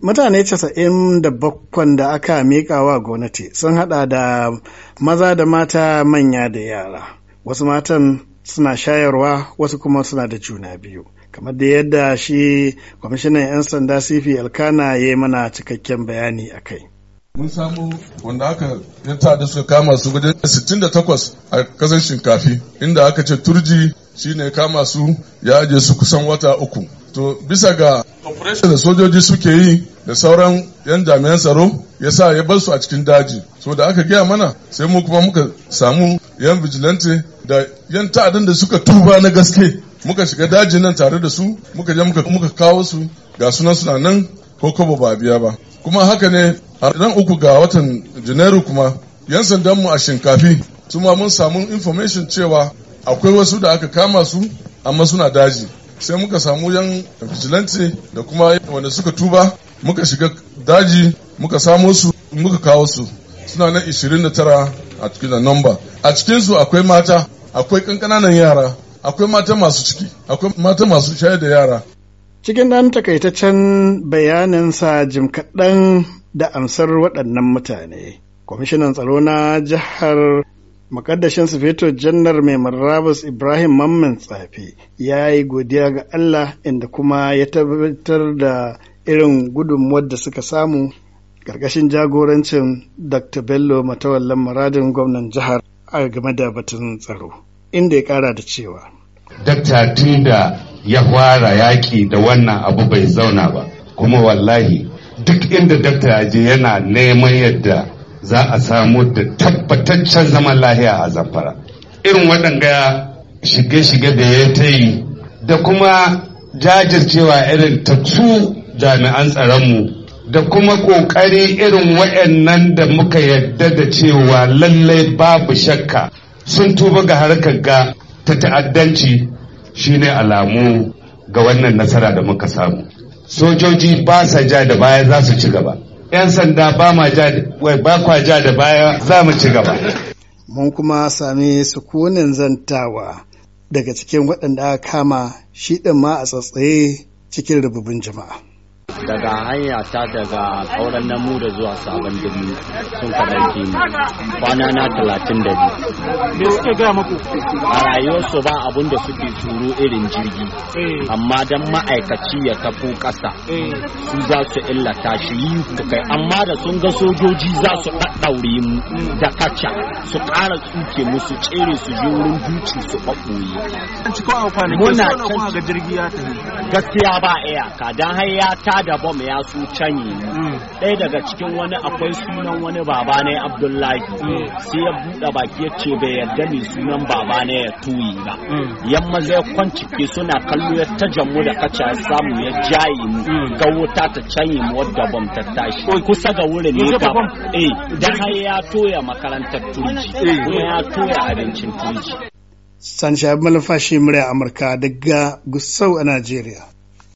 Mutane 97 da aka miƙa wa gwamnati sun hada da maza da mata manya da yara. Wasu matan suna shayarwa wasu kuma suna da juna biyu. Kamar da yadda shi kwamishinan 'yan sanda CP Alkana ya yi mana cikakken bayani a kai. mun samu wanda aka yanta da suka kama su gudun 68 a kasar shinkafi inda aka ce turji shine kama su ya aje su kusan wata uku to bisa ga operation da sojoji suke yi da sauran yan jami'an tsaro ya sa ya bar su a cikin daji so da aka gaya mana sai mu kuma muka samu yan vigilante da yan ta'adin da suka tuba na gaske muka shiga daji nan tare da su muka je muka kawo su ga sunan suna nan ko kobo ba biya ba kuma haka ne a nan uku ga watan janairu kuma yan sandanmu a shinkafi su mun samu information cewa akwai wasu da aka kama su amma suna daji sai muka samu yan vigilante da kuma wanda suka tuba muka shiga daji muka samo su muka kawo su suna nan 29 a cikin number a cikinsu akwai mata akwai kankananan yara akwai mata masu ciki akwai mata masu shayar da yara cikin ɗan takaitaccen bayaninsa jim kaɗan da amsar waɗannan mutane kwamishinan tsaro na jihar makaddashin sufeto janar mai marabus ibrahim mamman tsafi ya yi godiya ga allah inda kuma ya tabbatar da irin gudunmuwar da suka samu ƙarƙashin jagorancin dr bello matawallan maradin gwamnan jihar a game da batun tsaro inda ya ƙara da cewa dakta tun ya fara yaƙi da wannan abu bai zauna ba kuma wallahi duk inda dakta ya je yana neman yadda za a samu da tabbataccen zaman lahiya a zamfara irin waɗanga shige-shige da ya ta yi da kuma jajircewa irin ta su jami'an tsaronmu da kuma ƙoƙari irin waɗannan da muka yadda da cewa lallai babu shakka sun tuba ga harkar ga ta ta'addanci shine alamu ga wannan nasara da muka samu sojoji ba sa ja da baya za su ci gaba 'yan sanda ba ma ja da baya za mu ci gaba mun kuma sami sukunin zantawa daga cikin waɗanda aka kama shi ɗin ma a tsatsaye cikin rububin jama'a daga hanya ta daga auren namu da zuwa sabon birni sun kaɗauke ni kwana na talatin da biyu suke gaya muku a rayuwarsu ba abun da suke tsoro irin jirgi eh. amma don ma'aikaci ya tafi ƙasa eh. su za su illata shi yi kai amma da sun ga sojoji za su ɗaɗɗaure mu hmm. da kaca su ƙara tsuke musu su tsere su je wurin duci su ɓaɓɓoye muna can gaskiya ba iyaka don har ya ta da bom ya su canyi ɗaya daga cikin wani akwai sunan wani baba ne abdullahi sai ya buɗe baki ya ce bai yarda mai sunan baba ne ya tuyi ba yamma zai kwanciki suna kallo ya ta jammu da kaca ya samu ya jaye mu ga wuta ta canyi mu wadda bom ta tashi kusa ga wurin ne ga eh da har ya toya makarantar turji eh. kuma ya toya abincin turji Sani Shahab Malafashi murya Amurka daga Gusau a Najeriya.